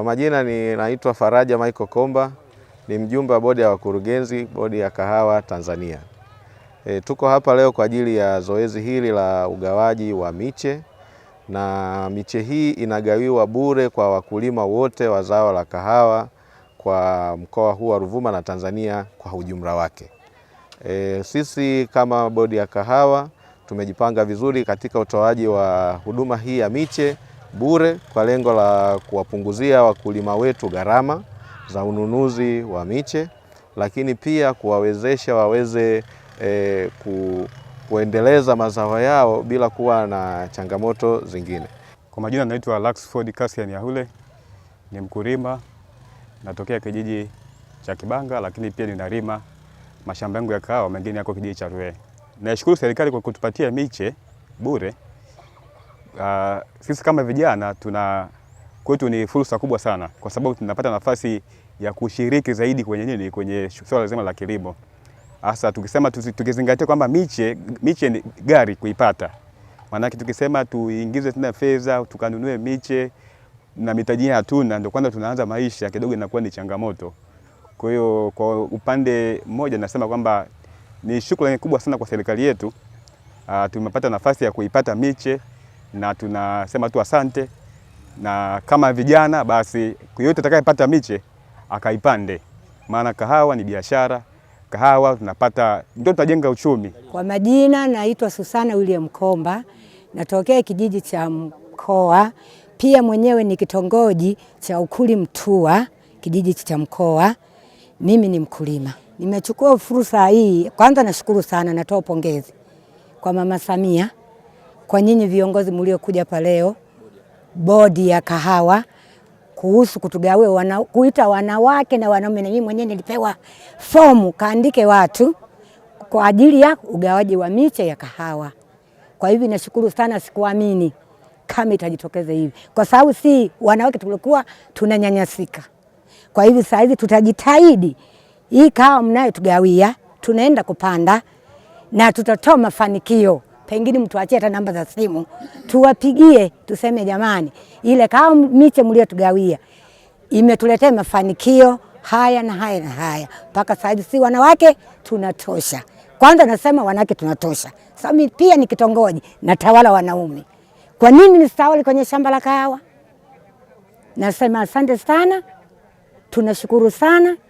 Kwa majina ninaitwa Faraja Michael Komba, ni mjumbe wa bodi ya wakurugenzi bodi ya kahawa Tanzania. E, tuko hapa leo kwa ajili ya zoezi hili la ugawaji wa miche na miche hii inagawiwa bure kwa wakulima wote wa zao la kahawa kwa mkoa huu wa Ruvuma na Tanzania kwa ujumla wake. E, sisi kama bodi ya kahawa tumejipanga vizuri katika utoaji wa huduma hii ya miche bure kwa lengo la kuwapunguzia wakulima wetu gharama za ununuzi wa miche, lakini pia kuwawezesha waweze e, ku, kuendeleza mazao yao bila kuwa na changamoto zingine. Kwa majina naitwa Laxford Cassian Yahule, ni mkulima natokea kijiji cha Kibanga, lakini pia ninalima mashamba yangu ya kahawa, mengine yako kijiji cha Ruee. Naishukuru serikali kwa kutupatia miche bure uh, sisi kama vijana tuna kwetu ni fursa kubwa sana, kwa sababu tunapata nafasi ya kushiriki zaidi kwenye nini, kwenye swala zima la kilimo, hasa tukisema tukizingatia kwamba miche, miche ni gari kuipata. Maanake tukisema tuingize tena fedha tukanunue miche na mitaji hatuna, ndio kwanza tunaanza maisha, kidogo inakuwa ni changamoto. Kwa hiyo kwa upande mmoja nasema kwamba ni shukrani kubwa sana kwa serikali yetu. Uh, tumepata nafasi ya kuipata miche na tunasema tu asante, na kama vijana basi yote atakayepata miche akaipande, maana kahawa ni biashara, kahawa tunapata ndio tutajenga uchumi. Kwa majina naitwa Susana William Komba, natokea kijiji cha Mkoa, pia mwenyewe ni kitongoji cha Ukuli Mtua, kijiji cha Mkoa. Mimi ni mkulima, nimechukua fursa hii. Kwanza nashukuru sana, natoa pongezi kwa Mama Samia kwa nyinyi viongozi mliokuja hapa leo, bodi ya kahawa kuhusu kutugawia wana, kuita wanawake na wanaume. Na mimi mwenyewe nilipewa fomu kaandike watu kwa ajili ya ugawaji wa miche ya kahawa. Kwa hivyo nashukuru sana, sikuamini kama itajitokeza hivi, kwa sababu si wanawake tulikuwa tunanyanyasika. Kwa hivyo saa hizi tutajitahidi, hii kahawa mnayotugawia tunaenda kupanda na tutatoa mafanikio pengine mtuachie hata namba za simu tuwapigie, tuseme jamani, ile kama miche mliotugawia imetuletea mafanikio haya na haya na haya mpaka saizi, si wanawake tunatosha. Kwanza nasema wanawake tunatosha, sami pia ni kitongoji natawala wanaume. Kwa nini nisitawali kwenye shamba la kahawa? Nasema asante sana, tunashukuru sana.